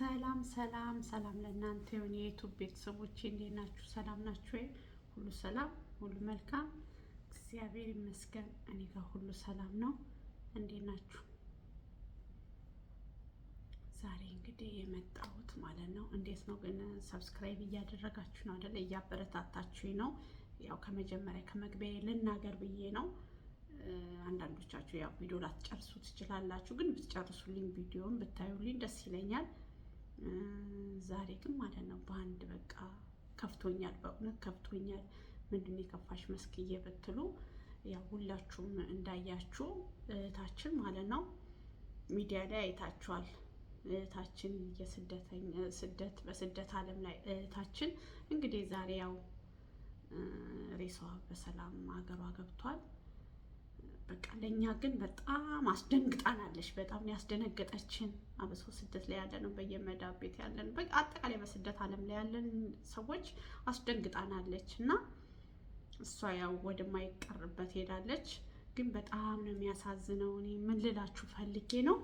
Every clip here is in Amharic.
ሰላም ሰላም ሰላም ለእናንተ የሆነ የዩቱብ ቤተሰቦች እንዴት ናችሁ? ሰላም ናችሁ ወይ? ሁሉ ሰላም፣ ሁሉ መልካም፣ እግዚአብሔር ይመስገን። እኔ ጋር ሁሉ ሰላም ነው። እንዴት ናችሁ? ዛሬ እንግዲህ የመጣሁት ማለት ነው። እንዴት ነው ግን ሰብስክራይብ እያደረጋችሁ ነው አደለ? እያበረታታችሁኝ ነው። ያው ከመጀመሪያ ከመግቢያ ልናገር ብዬ ነው። አንዳንዶቻችሁ ያው ቪዲዮ ላትጨርሱ ትችላላችሁ፣ ግን ብትጨርሱልኝ ቪዲዮን ብታዩልኝ ደስ ይለኛል። ዛሬ ግን ማለት ነው በአንድ በቃ ከፍቶኛል፣ በእውነት ከፍቶኛል። ምንድን የከፋሽ መስክዬ ብትሉ ያው ሁላችሁም እንዳያችሁ እህታችን ማለት ነው ሚዲያ ላይ አይታችኋል። እህታችን የስደተኛ ስደት በስደት ዓለም ላይ እህታችን እንግዲህ ዛሬ ያው ሬሳዋ በሰላም ሀገሯ ገብቷል። በቃ ለእኛ ግን በጣም አስደንግጣናለች። በጣም ያስደነገጠችን አብሶ ስደት ላይ ያለ ነው በየመዳብ ቤት ያለን አጠቃላይ በስደት ዓለም ላይ ያለን ሰዎች አስደንግጣናለች። እና እሷ ያው ወደማይቀርበት ሄዳለች። ግን በጣም ነው የሚያሳዝነው። እኔ ምን ልላችሁ ፈልጌ ነው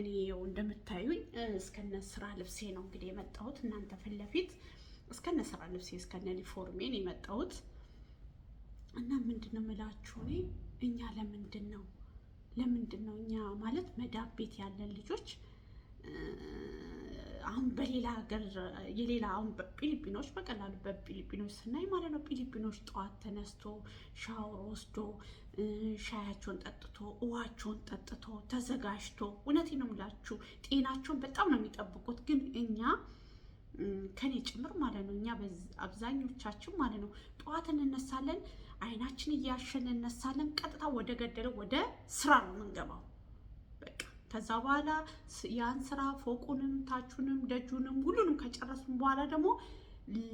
እኔ ያው እንደምታዩኝ እስከነ ስራ ልብሴ ነው እንግዲህ የመጣሁት እናንተ ፊት ለፊት እስከነ ስራ ልብሴ እስከነ ሊፎርሜን የመጣሁት እና ምንድን ነው የምላችሁ እኔ እኛ ለምንድን ነው ለምንድን ነው እኛ ማለት መዳብ ቤት ያለን ልጆች አሁን በሌላ ሀገር የሌላ አሁን ፊሊፒኖች በቀላሉ በፊሊፒኖች ስናይ ማለት ነው። ፊሊፒኖች ጠዋት ተነስቶ ሻወር ወስዶ ሻያቸውን ጠጥቶ እዋቸውን ጠጥቶ ተዘጋጅቶ፣ እውነቴን ነው የምላችሁ ጤናቸውን በጣም ነው የሚጠብቁት። ግን እኛ ከኔ ጭምር ማለት ነው እኛ አብዛኞቻችን ማለት ነው ጠዋት እንነሳለን አይናችን እያሸን እነሳለን። ቀጥታ ወደ ገደለው ወደ ስራ ነው የምንገባው። በቃ ከዛ በኋላ ያን ስራ ፎቁንም፣ ታቹንም፣ ደጁንም ሁሉንም ከጨረስን በኋላ ደግሞ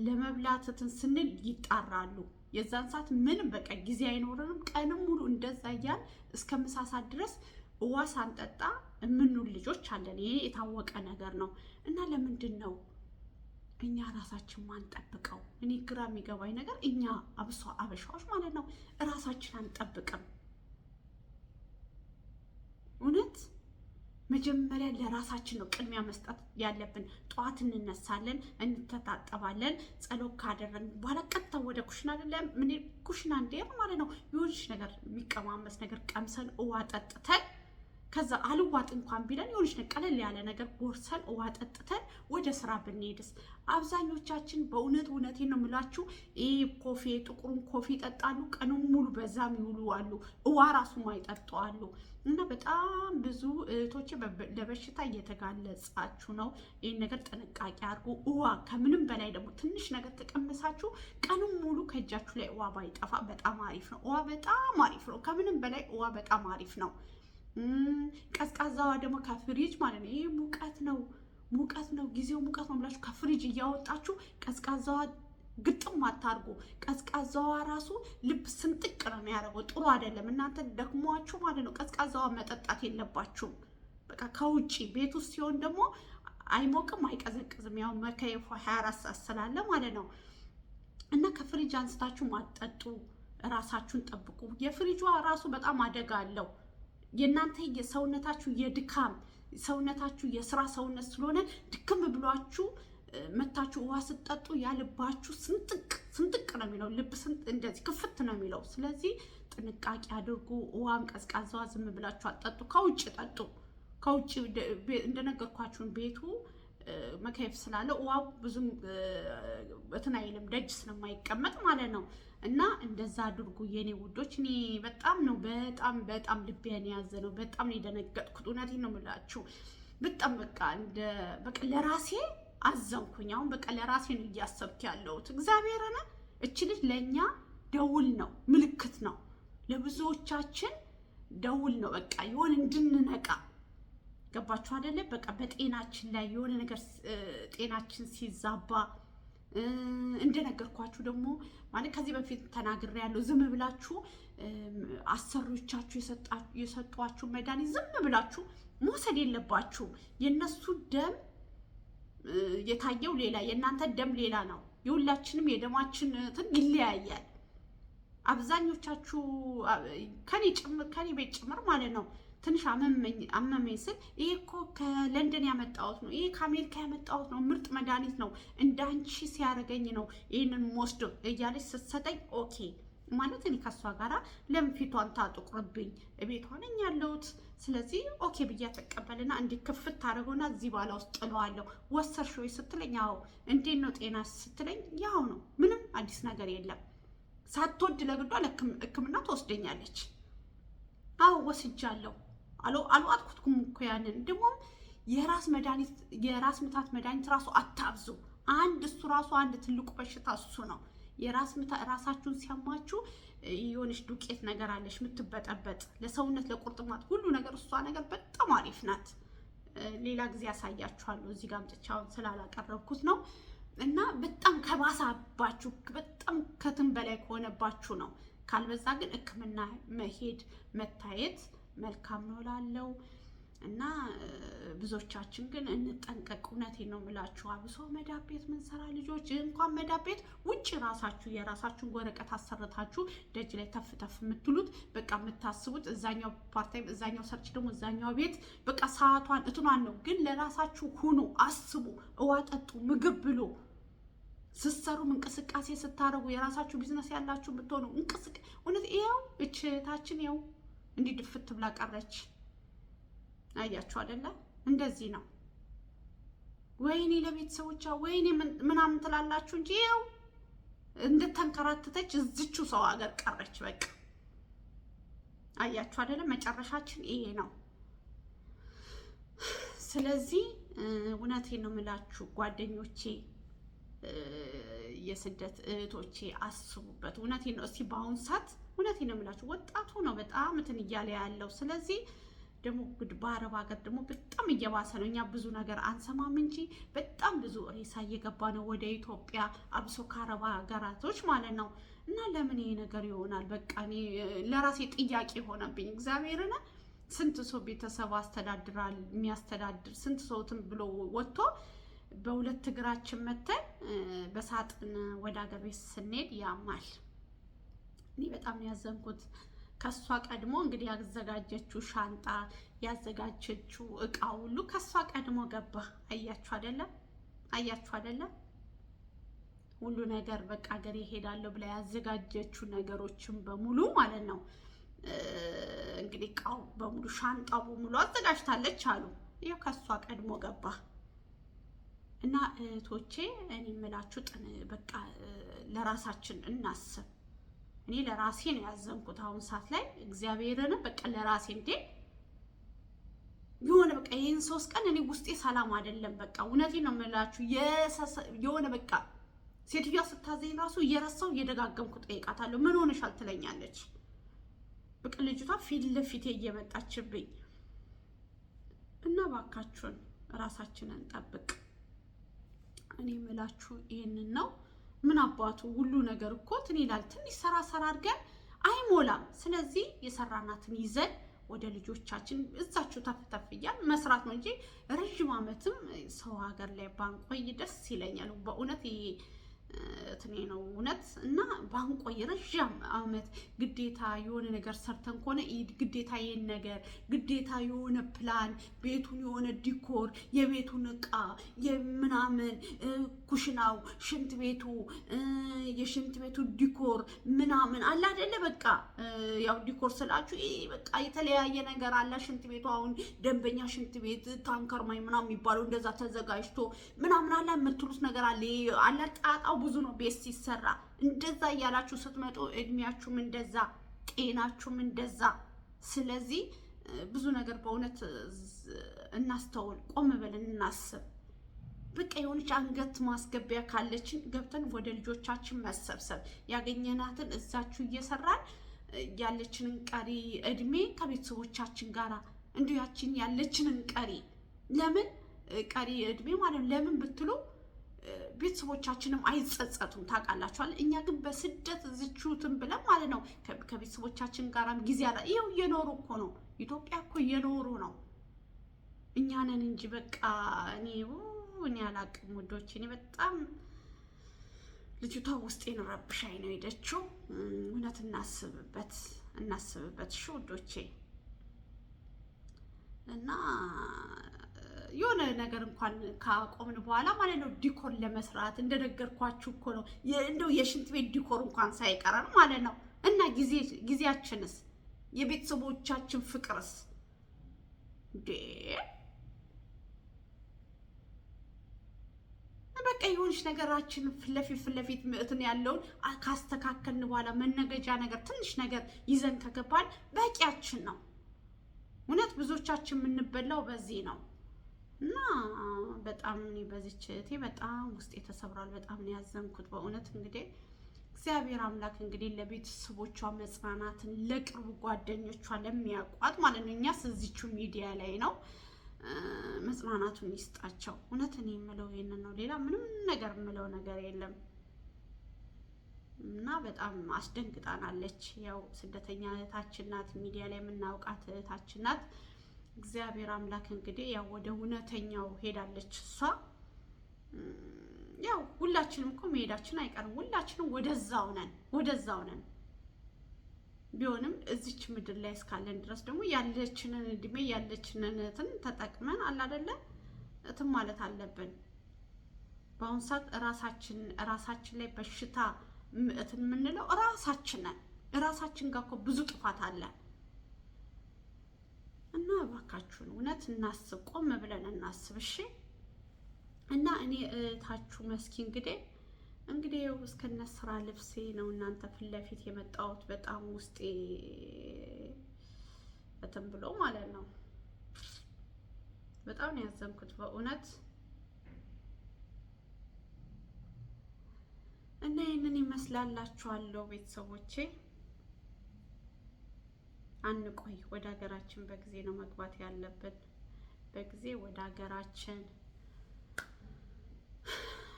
ለመብላትትን ስንል ይጣራሉ። የዛን ሰዓት ምንም በቃ ጊዜ አይኖረንም። ቀንም ሙሉ እንደዛ እያል እስከ ምሳሳት ድረስ እዋ ሳንጠጣ የምንውል ልጆች አለን። ይሄ የታወቀ ነገር ነው እና ለምንድን ነው እኛ ራሳችን ማንጠብቀው እኔ ግራ የሚገባኝ ነገር እኛ አብሶ አበሻዎች ማለት ነው እራሳችን አንጠብቅም። እውነት መጀመሪያ ለራሳችን ነው ቅድሚያ መስጠት ያለብን። ጠዋት እንነሳለን፣ እንተጣጠባለን፣ ጸሎት ካደረግን በኋላ ቀጥታ ወደ ኩሽና ምን ኩሽና እንዲሄድ ማለት ነው የሆነች ነገር የሚቀማመስ ነገር ቀምሰን ውሃ ጠጥተን ከዛ አልዋጥ እንኳን ቢለን የሆነች ቀለል ያለ ነገር ጎርሰን ውሃ ጠጥተን ወደ ስራ ብንሄድስ? አብዛኞቻችን በእውነት እውነቴ ነው የምላችሁ፣ ይህ ኮፊ ጥቁሩን ኮፊ ይጠጣሉ፣ ቀኑን ሙሉ በዛም ይውሉ አሉ፣ እዋ ራሱ ማይጠጡ አሉ። እና በጣም ብዙ እህቶቼ ለበሽታ እየተጋለጻችሁ ነው። ይህን ነገር ጥንቃቄ አድርጉ። እዋ ከምንም በላይ ደግሞ ትንሽ ነገር ተቀመሳችሁ ቀኑን ሙሉ ከእጃችሁ ላይ እዋ ባይጠፋ በጣም አሪፍ ነው። እዋ በጣም አሪፍ ነው። ከምንም በላይ እዋ በጣም አሪፍ ነው። ቀዝቃዛዋ ደግሞ ከፍሪጅ ማለት ነው። ይህ ሙቀት ነው ሙቀት ነው ጊዜው ሙቀት ነው ብላችሁ ከፍሪጅ እያወጣችሁ ቀዝቃዛዋ ግጥም አታርጉ። ቀዝቃዛዋ ራሱ ልብ ስንጥቅ ነው የሚያደርገው፣ ጥሩ አይደለም። እናንተ ደክሟችሁ ማለት ነው። ቀዝቃዛዋ መጠጣት የለባችሁም። በቃ ከውጭ ቤት ውስጥ ሲሆን ደግሞ አይሞቅም አይቀዘቅዝም። ያው መከየፎ 24 ሰዓት ስላለ ማለት ነው። እና ከፍሪጅ አንስታችሁ ማጠጡ፣ ራሳችሁን ጠብቁ። የፍሪጇ ራሱ በጣም አደጋ አለው። የእናንተ ሰውነታችሁ የድካም ሰውነታችሁ የስራ ሰውነት ስለሆነ ድክም ብሏችሁ መታችሁ ውሃ ስጠጡ ያልባችሁ ስንጥቅ ስንጥቅ ነው የሚለው ልብ እንደዚህ ክፍት ነው የሚለው። ስለዚህ ጥንቃቄ አድርጉ። ውሃም ቀዝቃዛዋ ዝም ብላችሁ አጠጡ። ከውጭ ጠጡ። ከውጭ እንደነገርኳችሁን ቤቱ መከየፍ ስላለ ዋው ብዙም በትን አይልም ደጅ ስለማይቀመጥ ማለት ነው። እና እንደዛ አድርጉ የኔ ውዶች። እኔ በጣም ነው በጣም በጣም ልቤን የያዘ ነው። በጣም ነው የደነገጥኩት። እውነቴን ነው የምላችሁ። በጣም በቃ እንደ በቃ ለራሴ አዘንኩኝ። አሁን በቃ ለራሴ ነው እያሰብክ ያለሁት። እግዚአብሔርን እች ልጅ ለእኛ ደውል ነው ምልክት ነው ለብዙዎቻችን ደውል ነው በቃ ይሆን እንድንነቃ ገባችሁ አይደለ? በቃ በጤናችን ላይ የሆነ ነገር ጤናችን ሲዛባ እንደነገርኳችሁ ደግሞ ማለት ከዚህ በፊት ተናግሬ ያለው ዝም ብላችሁ አሰሪዎቻችሁ የሰጧችሁ መድኃኒት ዝም ብላችሁ መውሰድ የለባችሁ። የእነሱ ደም የታየው ሌላ፣ የእናንተ ደም ሌላ ነው። የሁላችንም የደማችን እንትን ይለያያል። አብዛኞቻችሁ ከኔ ጭምር ከኔ ቤት ጭምር ማለት ነው ትንሽ አመመኝ ስል ይሄ እኮ ከለንደን ያመጣሁት ነው፣ ይሄ ከአሜሪካ ያመጣሁት ነው፣ ምርጥ መድኃኒት ነው፣ እንዳንቺ ሲያደርገኝ ነው ይህንን ወስዶ እያለች ስትሰጠኝ ኦኬ ማለት እኔ ከእሷ ጋራ ለምን ፊቷን ታጥቁርብኝ? ቤቷ ነኝ ያለሁት። ስለዚህ ኦኬ ብዬ ተቀበልና እንዲ ክፍት ታደርገውና እዚህ ባላ ውስጥ ጥለዋለሁ። ወሰድሽ ወይ ስትለኝ አዎ። እንዴት ነው ጤና ስትለኝ ያው ነው፣ ምንም አዲስ ነገር የለም። ሳትወድ ለግዷ ህክምና ትወስደኛለች። አዎ ወስጃለሁ። አልዋጥኩትኩም እኮ ያንን። ደግሞ የራስ መድኃኒት የራስ ምታት መድኃኒት ራሱ አታብዙ። አንድ እሱ ራሱ አንድ ትልቁ በሽታ እሱ ነው። የራስ ምታ ራሳችሁን ሲያማችሁ የሆነች ዱቄት ነገር አለች የምትበጠበጥ ለሰውነት ለቁርጥማት ሁሉ ነገር እሷ ነገር በጣም አሪፍ ናት። ሌላ ጊዜ ያሳያችኋለሁ። እዚህ ጋር አምጥቻውን ስላላቀረብኩት ነው። እና በጣም ከባሳባችሁ በጣም ከትም በላይ ከሆነባችሁ ነው። ካልበዛ ግን ሕክምና መሄድ መታየት መልካም ነው ላለው እና ብዙዎቻችን ግን እንጠንቀቅ። እውነቴን ነው የምላችሁ። አብሶ መዳብ ቤት ምንሰራ ልጆች እንኳን መዳብ ቤት ውጭ ራሳችሁ የራሳችሁን ወረቀት አሰርታችሁ ደጅ ላይ ተፍ ተፍ የምትሉት በቃ የምታስቡት እዛኛው ፓርታይም፣ እዛኛው ሰርች፣ ደግሞ እዛኛው ቤት በቃ ሰዓቷን እትኗን ነው። ግን ለራሳችሁ ሁኑ፣ አስቡ። እዋጠጡ ምግብ ብሎ ስትሰሩም እንቅስቃሴ ስታደርጉ የራሳችሁ ቢዝነስ ያላችሁ ብትሆኑ እንቅስቃሴ እውነት ይኸው እችታችን ይኸው እንዲህ ድፍት ብላ ቀረች። አያችሁ አይደለ? እንደዚህ ነው። ወይኔ ለቤተሰቦቿ ወይኔ ምናምን ትላላችሁ እንጂ ይኸው እንድተንከራተተች እዝቹ ሰው ሀገር ቀረች። በቃ አያችሁ አይደለም? መጨረሻችን ይሄ ነው። ስለዚህ እውነቴን ነው የምላችሁ ጓደኞቼ የስደት እህቶቼ አስቡበት። እውነት ነው። እስቲ በአሁኑ ሰዓት እውነት ነው የምላችሁ ወጣቱ ነው በጣም እንትን እያለ ያለው። ስለዚህ ደግሞ በአረብ ሀገር ደግሞ በጣም እየባሰ ነው። እኛ ብዙ ነገር አንሰማም እንጂ በጣም ብዙ ሬሳ እየገባ ነው ወደ ኢትዮጵያ፣ አብሶ ከአረብ ሀገራቶች ማለት ነው። እና ለምን ይሄ ነገር ይሆናል? በቃ እኔ ለራሴ ጥያቄ ሆነብኝ። እግዚአብሔርን ስንት ሰው ቤተሰብ አስተዳድራል የሚያስተዳድር ስንት ሰውትን ብሎ ወጥቶ በሁለት እግራችን መተን በሳጥን ወደ አገር ቤት ስንሄድ ያማል። እኔ በጣም ያዘንኩት ከሷ ቀድሞ እንግዲህ ያዘጋጀችው ሻንጣ ያዘጋጀችው እቃ ሁሉ ከሷ ቀድሞ ገባ። አያችሁ አይደለም? አያችሁ አይደለም? ሁሉ ነገር በቃ ሀገር ይሄዳለሁ ብላ ያዘጋጀችው ነገሮችን በሙሉ ማለት ነው እንግዲህ እቃው በሙሉ ሻንጣው በሙሉ አዘጋጅታለች አሉ። ይኸው ከሷ ቀድሞ ገባ። እና እህቶቼ እኔ የምላችሁ በቃ ለራሳችን እናስብ። እኔ ለራሴ ነው ያዘንኩት አሁን ሰዓት ላይ እግዚአብሔርን በቃ ለራሴ እንዴ የሆነ በቃ ይህን ሶስት ቀን እኔ ውስጤ ሰላም አይደለም። በቃ እውነቴ ነው የምላችሁ የሆነ በቃ ሴትዮዋ ስታዘኝ ራሱ እየረሳው እየደጋገምኩ ጠይቃታለሁ። ምን ሆነሻል ትለኛለች። በቃ ልጅቷ ፊት ለፊቴ እየመጣችብኝ እና እባካችሁን ራሳችንን ጠብቅ። እኔ የምላችሁ ይህንን ነው። ምን አባቱ ሁሉ ነገር እኮ እንትን ይላል። ትንሽ ሰራ ሰራ አድርገን አይሞላም። ስለዚህ የሰራናትን ይዘን ወደ ልጆቻችን እዛችሁ ተፍ ተፍ እያል መስራት ነው እንጂ ረዥም ዓመትም ሰው ሀገር ላይ ባንቆይ ደስ ይለኛል በእውነት ይሄ እትኔ ነው እውነት እና ባንቆይ ረዥም አመት ግዴታ የሆነ ነገር ሰርተን ከሆነ ግዴታ ይህን ነገር ግዴታ የሆነ ፕላን ቤቱን የሆነ ዲኮር የቤቱን እቃ የምናምን ኩሽናው፣ ሽንት ቤቱ የሽንት ቤቱ ዲኮር ምናምን አለ አይደለ? በቃ ያው ዲኮር ስላችሁ በቃ የተለያየ ነገር አለ። ሽንት ቤቱ አሁን ደንበኛ ሽንት ቤት ታንከር ምናምን የሚባለው እንደዛ ተዘጋጅቶ ምናምን አለ የምትሉት ነገር አለ አለ ጣጣ ጣጣው ብዙ ነው። ቤት ሲሰራ እንደዛ እያላችሁ ስትመጡ እድሜያችሁም እንደዛ፣ ጤናችሁም እንደዛ። ስለዚህ ብዙ ነገር በእውነት እናስተውል፣ ቆም ብለን እናስብ። በቃ የሆነች አንገት ማስገቢያ ካለችን ገብተን ወደ ልጆቻችን መሰብሰብ ያገኘናትን እዛችሁ እየሰራን ያለችንን ቀሪ እድሜ ከቤተሰቦቻችን ጋር እንዲያችን ያለችንን ቀሪ ለምን ቀሪ እድሜ ማለት ለምን ብትሉ ቤተሰቦቻችንም አይጸጸቱም። ታውቃላችኋል። እኛ ግን በስደት ዝችሁትን ብለን ማለት ነው ከቤተሰቦቻችን ጋራም ጊዜ አላ ይኸው እየኖሩ እኮ ነው። ኢትዮጵያ እኮ እየኖሩ ነው። እኛንን እንጂ በቃ እኔ እኔ አላቅም ውዶች። እኔ በጣም ልጅቷ ውስጤን ረብሻኝ ነው ሄደችው። እውነት እናስብበት፣ እናስብበት ሽ ውዶቼ እና የሆነ ነገር እንኳን ካቆምን በኋላ ማለት ነው ዲኮር ለመስራት እንደነገርኳችሁ እኮ ነው እንደው የሽንት ቤት ዲኮር እንኳን ሳይቀረን ማለት ነው። እና ጊዜያችንስ የቤተሰቦቻችን ፍቅርስ በቃ የሆነች ነገራችን ፍለፊት ፍለፊት ምእትን ያለውን ካስተካከልን በኋላ መነገጃ ነገር ትንሽ ነገር ይዘን ከገባን በቂያችን ነው። እውነት ብዙዎቻችን የምንበላው በዚህ ነው። እና በጣም እኔ በዚች እህቴ በጣም ውስጤ ተሰብሯል። በጣም ነው ያዘንኩት በእውነት እንግዲህ እግዚአብሔር አምላክ እንግዲህ ለቤተሰቦቿ መጽናናትን ለቅርቡ ጓደኞቿ ለሚያውቋት ማለት ነው እኛስ እዚችው ሚዲያ ላይ ነው መጽናናቱን ይስጣቸው። እውነት እኔ የምለው ይህንን ነው፣ ሌላ ምንም ነገር የምለው ነገር የለም። እና በጣም አስደንግጣናለች። ያው ስደተኛ እህታችን ናት፣ ሚዲያ ላይ የምናውቃት እህታችን ናት። እግዚአብሔር አምላክ እንግዲህ ያው ወደ እውነተኛው ሄዳለች እሷ። ያው ሁላችንም እኮ መሄዳችን አይቀርም። ሁላችንም ወደዛው ነን፣ ወደዛው ነን። ቢሆንም እዚች ምድር ላይ እስካለን ድረስ ደግሞ ያለችንን እድሜ ያለችንን እንትን ተጠቅመን አላደለን እትም ማለት አለብን። በአሁኑ ሰዓት ራሳችን ራሳችን ላይ በሽታ እትም የምንለው ራሳችን ነን። ራሳችን ጋር እኮ ብዙ ጥፋት አለን። እና እባካችሁን እውነት እናስብ፣ ቆም ብለን እናስብ። እሺ እና እኔ እህታችሁ መስኪ እንግዲህ እንግዲህ ያው እስከነ ስራ ልብሴ ነው እናንተ ፊት ለፊት የመጣሁት በጣም ውስጤ በትን ብሎ ማለት ነው። በጣም ነው ያዘንኩት በእውነት እና ይህንን ይመስላላችኋለሁ ቤተሰቦቼ። አንቆይ። ወደ ሀገራችን በጊዜ ነው መግባት ያለብን። በጊዜ ወደ ሀገራችን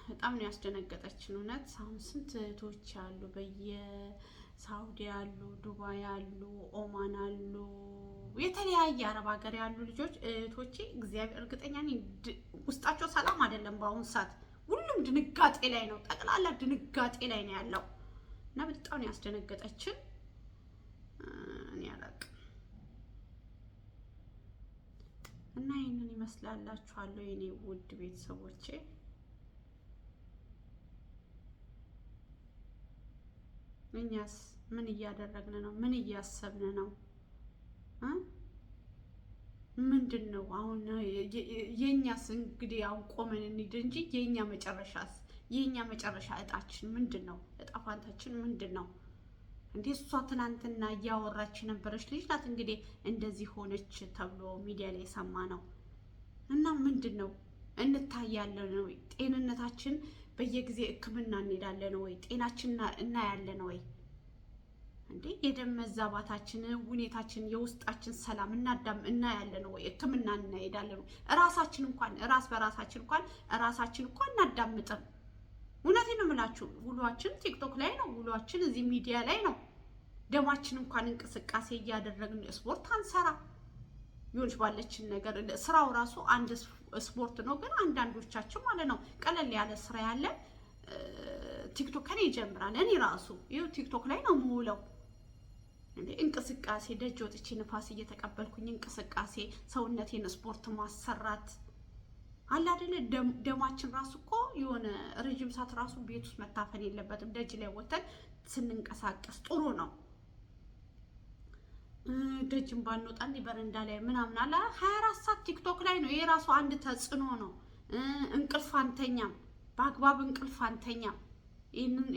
በጣም ነው ያስደነገጠችን እውነት። አሁን ስንት እህቶች አሉ በየሳውዲ አሉ፣ ዱባይ አሉ፣ ኦማን አሉ፣ የተለያየ አረብ ሀገር ያሉ ልጆች እህቶቼ፣ እግዚአብሔር እርግጠኛ ውስጣቸው ሰላም አይደለም። በአሁኑ ሰዓት ሁሉም ድንጋጤ ላይ ነው፣ ጠቅላላ ድንጋጤ ላይ ነው ያለው እና በጣም ነው ያስደነገጠችን። አላውቅም። እና ይህንን ይመስላላችኋለሁ የኔ ውድ ቤተሰቦቼ። እኛስ ምን እያደረግን ነው? ምን እያሰብን ነው? ምንድን ነው አሁን የእኛስ? እንግዲህ አሁን ቆመን እንሂድ እንጂ የእኛ መጨረሻስ፣ የእኛ መጨረሻ እጣችን ምንድን ነው? እጣ ምንድን ነው? እንዴ እሷ ትናንትና እያወራች የነበረች ልጅ ናት እንግዲህ እንደዚህ ሆነች ተብሎ ሚዲያ ላይ የሰማ ነው። እና ምንድን ነው እንታያለን ወይ? ጤንነታችን በየጊዜ ሕክምና እንሄዳለን ወይ? ጤናችን እናያለን ወይ? እንዴ የደም መዛባታችን፣ ሁኔታችን፣ የውስጣችን ሰላም እናዳም እናያለን ወይ? ሕክምና እንሄዳለን ወይ? እራሳችን እንኳን እራስ በራሳችን እንኳን እራሳችን እንኳን እናዳምጥም። እውነቴን ነው የምላችሁ። ውሏችን ቲክቶክ ላይ ነው፣ ውሏችን እዚህ ሚዲያ ላይ ነው። ደማችን እንኳን እንቅስቃሴ እያደረግን ስፖርት አንሰራ ይሆንች ባለችን ነገር ስራው ራሱ አንድ ስፖርት ነው። ግን አንዳንዶቻችን ማለት ነው ቀለል ያለ ስራ ያለ ቲክቶክ ከኔ ይጀምራል። እኔ ራሱ ይኸው ቲክቶክ ላይ ነው የምውለው። እንቅስቃሴ ደጅ ወጥቼ ንፋስ እየተቀበልኩኝ እንቅስቃሴ ሰውነቴን ስፖርት ማሰራት አለ አይደለ? ደማችን ራሱ እኮ የሆነ ረዥም ሰዓት ራሱ ቤት ውስጥ መታፈን የለበትም። ደጅ ላይ ወተን ስንንቀሳቀስ ጥሩ ነው። ደጅም ባንወጣ በረንዳ ላይ ምናምን አለ። ሀያ አራት ሰዓት ቲክቶክ ላይ ነው። የራሱ አንድ ተጽዕኖ ነው። እንቅልፍ አንተኛም፣ በአግባብ እንቅልፍ አንተኛም።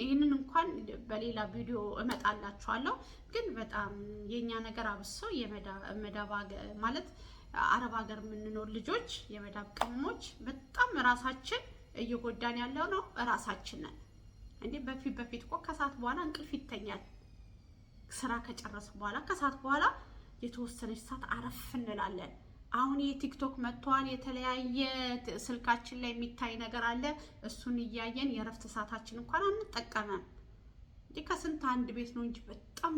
ይህንን እንኳን በሌላ ቪዲዮ እመጣላችኋለሁ። ግን በጣም የእኛ ነገር አብሶ የመዳብ ማለት አረብ ሀገር የምንኖር ልጆች የመዳብ ቅመሞች በጣም ራሳችን እየጎዳን ያለው ነው እራሳችን ነን። እንዴ በፊት በፊት እኮ ከሰዓት በኋላ እንቅልፍ ይተኛል። ስራ ከጨረስኩ በኋላ ከሰዓት በኋላ የተወሰነች ሰዓት አረፍ እንላለን። አሁን የቲክቶክ መጥቷል። የተለያየ ስልካችን ላይ የሚታይ ነገር አለ። እሱን እያየን የእረፍት ሰዓታችን እንኳን አንጠቀመም። እንዴ ከስንት አንድ ቤት ነው እንጂ በጣም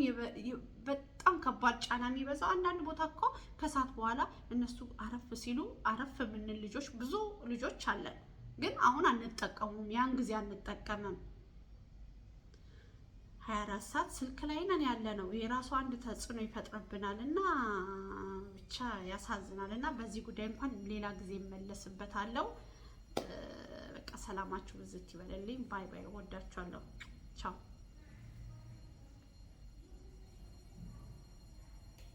በጣም ከባድ ጫና የሚበዛው። አንዳንድ ቦታ እኮ ከሰዓት በኋላ እነሱ አረፍ ሲሉ አረፍ የምንል ልጆች ብዙ ልጆች አለን። ግን አሁን አንጠቀሙም። ያን ጊዜ አንጠቀምም። 24 ሰዓት ስልክ ላይ ነን ያለ ነው። የራሱ አንድ ተጽዕኖ ይፈጥርብናል እና ብቻ ያሳዝናል። እና በዚህ ጉዳይ እንኳን ሌላ ጊዜ እመለስበታለሁ። በቃ ሰላማችሁ ብዝት ይበልልኝ። ባይ ባይ። ወዳችኋለሁ። ቻው